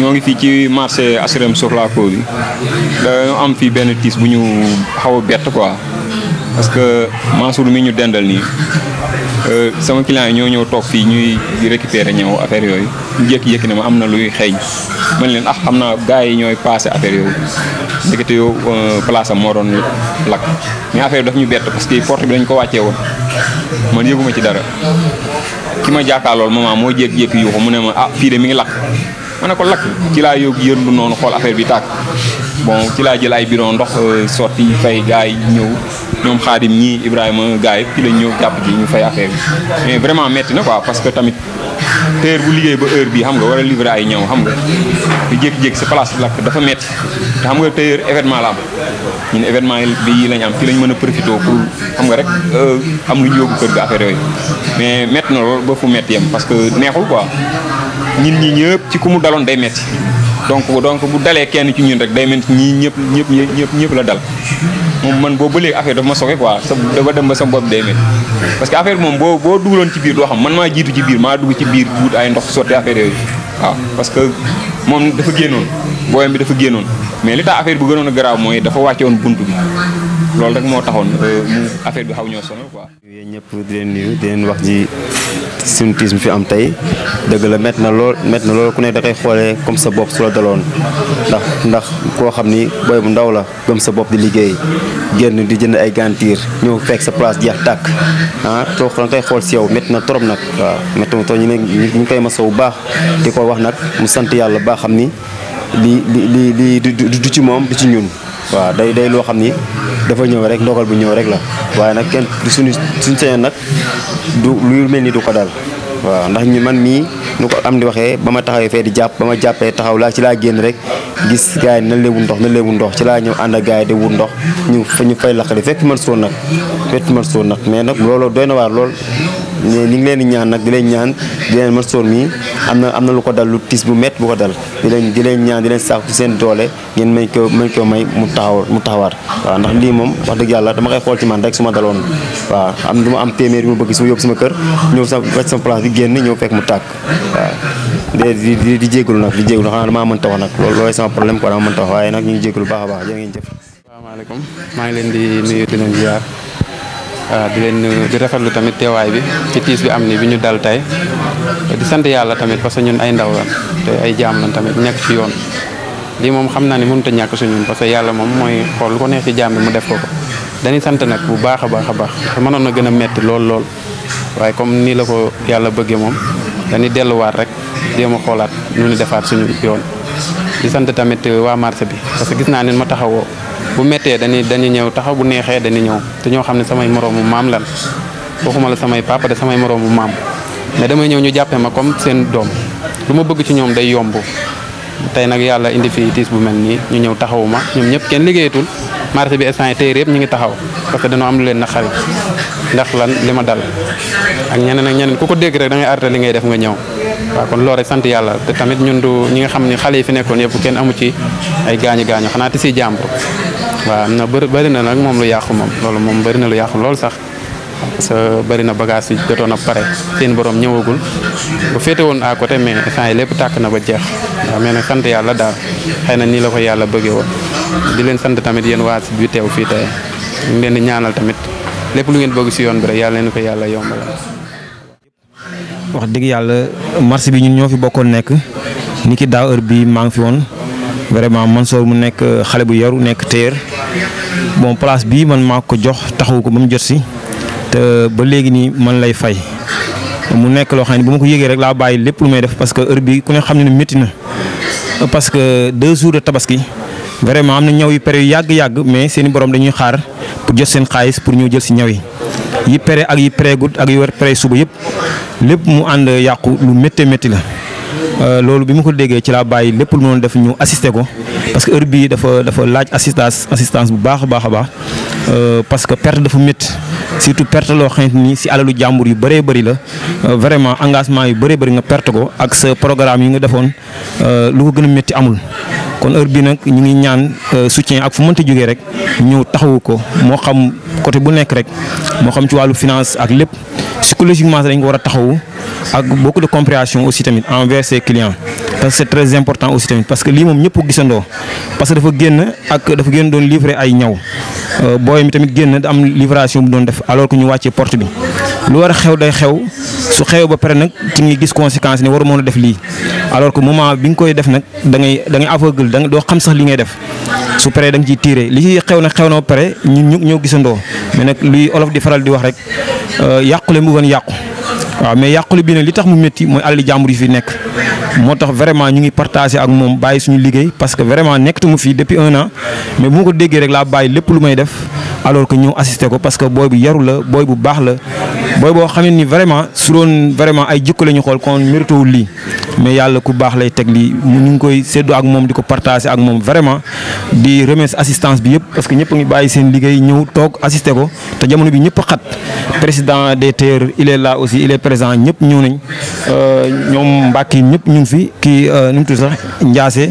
ñoo ngi fii ci marché HLM Sourlaco bi dañoo am fii benn tiis bu ñu xaw a bett quoi parce que Mansour mi ñu dendal nii euh, sama client ñoo ñëw toog fii ñuy récupérer ñëw affaire yooyu ñu jékki-jékki ne ma am na luy xeeñ man leen ah xam naa gars yi ñooy passé affaire yooyu ndekete yow euh, place moo doon lakk mais affaire bi daf ñu bett parce que porte bi dañ ko wàccee woon man yëguma ci dara ki ma jàkkaarlool moment moo jékki-jékki yuuxu mu ne ma ah fii de mi ngi lakk ma ne ko lakk ci laa yóg yëndu noonu xool affaire bi tàkk bon ci laa jël ay bidon ndox euh, sotti fay gars yi ñëw ñoom xaadim ñii Ibrahima gars yi ci lañ ñëw jàpp ji ñu fay affaire bi mais vraiment metti na quoi parce que tamit teer bu liggéey ba heure bi xam nga war a livrer ay ñëw xam nga di jékki-jékki sa place lakk dafa metti te xam nga teer événement la am ñun événement bi yi lañ am fi lañ mën a profité pour xam nga rek euh, am lu ñu yóbbu kër ga affaire yooyu mais metti na lool ba metti yam parce que neexul quoi ñun ñi ñëpp ci ku mu daloon day metti donc donc bu dalee kenn ci ñun rek day metti ñii ñëpp ñëpp ñëpp ñëpp la dal moom man boo ba léegi affaire dafa ma soxe quoi dafa dem ba sa bopp day metti parce que affaire moom boo boo dugaloon ci biir doo xam man maa jiitu ci biir maa dugg ci biir wut ay ndox sotti affaire yooyu waaw parce que moom dafa génnoon booyam bi dafa génnoon mais li tax affaire bu gënoon a garaaw mooy dafa wàcce woon bunt bi loolu rek moo taxoon mu affaire bi xaw ñoo sonal quoi. yéen ñëpp di leen wax ji suñu tiis fi am tey dëgg la met na lool met na lool ku ne da koy xoolee comme sa bopp su la daloon ndax ndax koo xam ni booy bu ndaw la gëm sa bopp di liggéey génn di jënd ay gantiir ñëw fekk sa place jeex tàkk ah too da xool si yow métti na trop nag waaw métti na trop ñu ne ñu ngi koy masawu baax di ko wax nag mu sant yàlla baax xam ni li li li li du ci moom du ci ñun. waaw day day loo xam ni dafa ñëw rek ndogal bu ñëw rek la waaye nag kenn suñu suñu sañoon nag du lu mel ni du ko dal waaw ndax ñu man mii nu ko am di waxee ba ma taxawee fee di jàpp ba ma jàppee taxaw laa ci laa génn rek gis gars yi nan leen ndox nan leen ndox ci laa ñëw ànd ak gars yi di wut ndox ñu ñu fay laqali fekk man soon nag fekk man soon nag mais nag looloo doy na waar lool ñu ngi leen di ñaan nag di leen ñaan di leen Mansour mi am na am na lu ko dal lu tiis bu métti bu ko dal di leen di ñaan di leen saaku ci seen doole ngeen may ko mañ ko may mu taxaw mu taxawaat waaw ndax lii moom wax dëgg yàlla dama koy xool ci man rek su ma daloon waaw am du ma am téeméer bi ma bëgg su ma yóbbu sama kër ñëw sa wàcc sama place bi génn ñëw fekk mu tàkk waaw di di jégalu nag di jégalu xanaa damaa mënta wax nag loolu looy sama problème quoi dama mënta wax waaye nag ñu ngi jégalu baax a baax jërë ngeen jëf asalaamaaleykum maa ngi leen di nuyu di leen waaw ah, di leen di rafetlu tamit teewaay bi ci tiis bi am ni bi ñu dal tey di sant yàlla tamit parce que ñun ay ndaw lan te ay jaam lan tamit nekk ci yoon lii moom xam naa ne mënut a ñàkk suñun parce que yàlla moom mooy xool ko neex ci jaam mu def ko ko dañuy nag bu baax a baax a baax mënoon na gën a metti lool lool waaye comme nii la ko yàlla bëggee moom dañuy delluwaat rek jéem a xoolaat ñu ni defaat suñu yoon di sant tamit waa marché bi parce que gis naa ne ma taxawoo bu méttee dañuy dañuy ñëw taxaw bu neexee dañuy ñëw te ñoo xam ne samay moroomu maam lan waxuma la samay papa de samay moroomu maam mais damay ñëw ñu jàppee ma comme seen doom lu ma bëgg ci ñoom day yomb tey nag yàlla indi fi tiis bu mel nii ñu ñëw taxawu ma ñoom ñëpp kenn liggéeyatul marché bi instant yi téere yëpp ñu ngi taxaw parce que dañoo am lu leen na naqari ndax lan li ma dal ak ñeneen ak ñeneen ku ko dégg rek da ngay li ngay def nga ñëw waaw kon loolu rek sant yàlla tamit ñun du ñi nga xam ne xale yi fi nekkoon yëpp kenn amu ci ay gaañu gaañu xanaa ti si jàmbur waaw am na bëri bëri na nag moom lu yàqu moom loolu moom bëri na lu yàqu lool sax parce que bëri na bagage yi jotoon a pare seen boroom ñëwagul ba féete woon à côté mais temps yi lépp tàkk na ba jeex waaw mais nag sant yàlla daal xëy na nii la ko yàlla bëggee woon di leen sant tamit yéen waa si bi teew fii tey ñu leen di ñaanal tamit lépp lu ngeen bëgg si yoon bi rek yàlla leen ko yàlla yombalal. wax dëgg yàlla marché bi ñu ñoo fi bokkoon nekk ni ki daaw heure bi maa ngi fi woon vraiment Mansour mu nekk xale bu yaru nekk téer bon place bii man maa ko jox taxawu ko ba mu jot si te ba léegi nii man lay fay mu nekk loo xam ne bu ma ko yëgee rek laa bàyyi lépp lu may def parce que heure bi ku ne xam ne métti na parce que deux jours de tabaski vraiment am na ñaw yu pere yu yàgg-yàgg mais seen i borom dañuy xaar pour jot seen xaalis pour ñëw jël si ñaw yi yi pere ak yi pere gudd ak yi war pere suba yëpp lépp mu ànd yàqu lu méttee métti la. Euh, loolu bi mu ko déggee ci laa bàyyi lépp lu noonu def ñu assister ko parce que heure bii dafa dafa laaj assistance assistance bu baax a baax baax euh, parce que perte dafa métti surtout perte loo xamante nii si alalu jàmbur yu bëree bari la euh, vraiment engagement yu bëree bëri nga perte ko ak sa programme yi nga defoon lu ko gën a métti amul. kon heure bi nag ñu ngi ñaan euh, soutien ak fu mënta jógee rek ñëw taxawu ko moo xam côté bu nekk rek moo xam ci wàllu finance ak lépp psychologiquement dañ ko war a taxawu ak beaucoup de compréhension aussi tamit envers ses clients parce que c'est très important aussi tamit parce que lii moom ñëpp gisandoo parce que dafa génn ak dafa génn doon livrer ay ñaw euh, booy mi tamit génn am livration bu doon def alors que ñu wàccee porte bi lu war a xew day xew su xew ba pare nag ci ngi gis conséquence ni waru mën a def lii alors que moment bi nga koy def nag dangay ngay da aveugle da nga doo xam sax li ngay def su pare da nga ciy tiire li ci xew na xew na ba pare ñu ñoo gisandoo mais nag luy olof di faral di wax rek euh, yàqule mu gën yàqu waaw mais yàqule bi nag li tax mu métti mooy àll jàmbur yi fi nekk moo tax vraiment ñu ngi partagé ak moom bàyyi suñu liggéey parce que vraiment nekkatuma fii depuis un an mais bu ko déggee rek la bàyyi lépp lu may def alors que ñëw assisté ko parce que booy bu yaru la booy bu baax la booy boo xamee ni vraiment su doon vraiment ay jikko la ñu xool kon méritewul lii mais yàlla ku baax lay teg lii ñu ngi koy séddoo ak moom di ko partager ak moom vraiment di remercier assistance bi yëpp parce que ñëpp ngi bàyyi seen liggéey ñëw toog assister ko te jamono bi ñëpp xat président des terres il est aussi il est présent ñëpp ñëw nañ euh, ñoom Mbacke ñëpp ñu ngi fi kii euh, nu mu tudd sax Ndiasse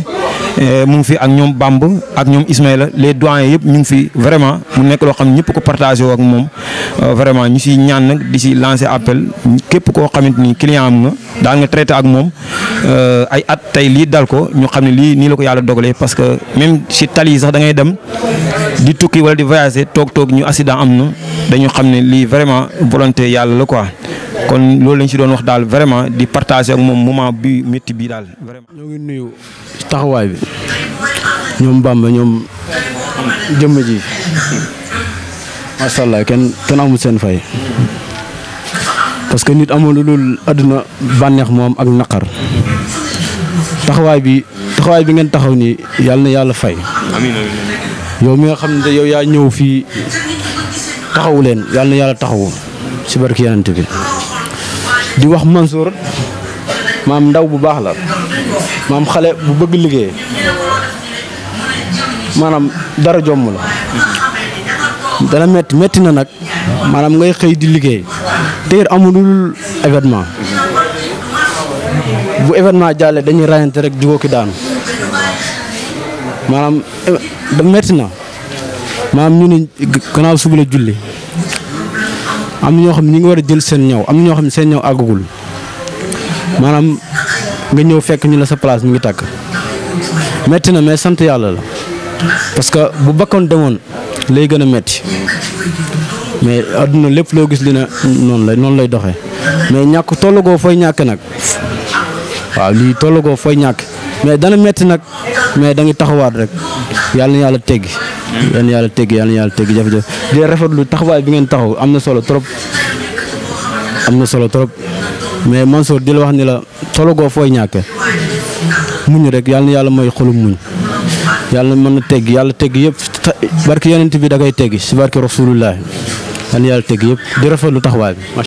Euh, mu ngi fi ak ñoom Bamb ak ñoom Ismaïla les doyens yëpp ñu ngi fi vraiment mu nekk loo xam ne ñëpp ko partagé ak moom euh, vraiment ñu si ñaan nag di si lancer appel képp koo xamante ni client am nga daan nga traité ak moom euh, ay at tey lii dal ko ñu xam ne lii nii la ko yàlla dogalee parce que même si tali sax da ngay dem di tukki wala di voyager toog toog ñu accident am na dañu xam ne lii vraiment volonté yàlla la quoi. kon loolu lañ si doon wax daal vraiment di partager ak moom moment bi métti bi daal vraiment. ñoo ngi nuyu taxawaay bi ñoom mbaam Bamba ñoom jëmm ji macha allah kenn kenn amul seen fay parce que nit amul lu dul àdduna bànneex moom ak naqar taxawaay bi taxawaay bi ngeen taxaw nii yàlla na yàlla fay. amiin yow mi nga xam ne yow yaa ñëw fii taxawu leen yàlla na yàlla taxawu. si barki yonent bi di wax Mansour maam ndaw bu baax la maam xale bu bëgg liggéey maanaam dara jomm la dana metti metti na nag maanaam ngay xëy di liggéey téer amulul événement bu événement jàllee dañuy ràññante rek jugoo ki daan maanaam da eh, metti na maanaam ñu ni gannaaw suba la julli am na ñoo xam ne ñi ngi war a jël seen ñëw am na ñoo xam ne seen ñëw àggagul maanaam nga ñëw fekk ñu la sa place mu ngi tàkk metti na mais sant yàlla la parce que bu bakkoon demoon lay gën a metti mais àdduna lépp loo gis li na noonu lay noonu lay doxee mais ñàkk tollagoo fooy ñàkk nag waaw lii tollagoo fooy ñàkk. mais dana metti nag mais da ngi taxawaat rek yàlla na yàlla teggi. yàlla na yàlla tegg yàlla yàlla teggi jafe-jafe di lu taxawaay bi ngeen taxaw am na solo trop am na solo trop mais Mansour di la wax ni la solo goo fooy ñàkke muñ rek yàlla na yàlla mooy xolum muñ. yàlla mën na tegg yàlla tegg yëpp barki yonent bi da koy teggi si barki rasulullah yàlla yàlla teggi yëpp di rafetlu taxawaay bi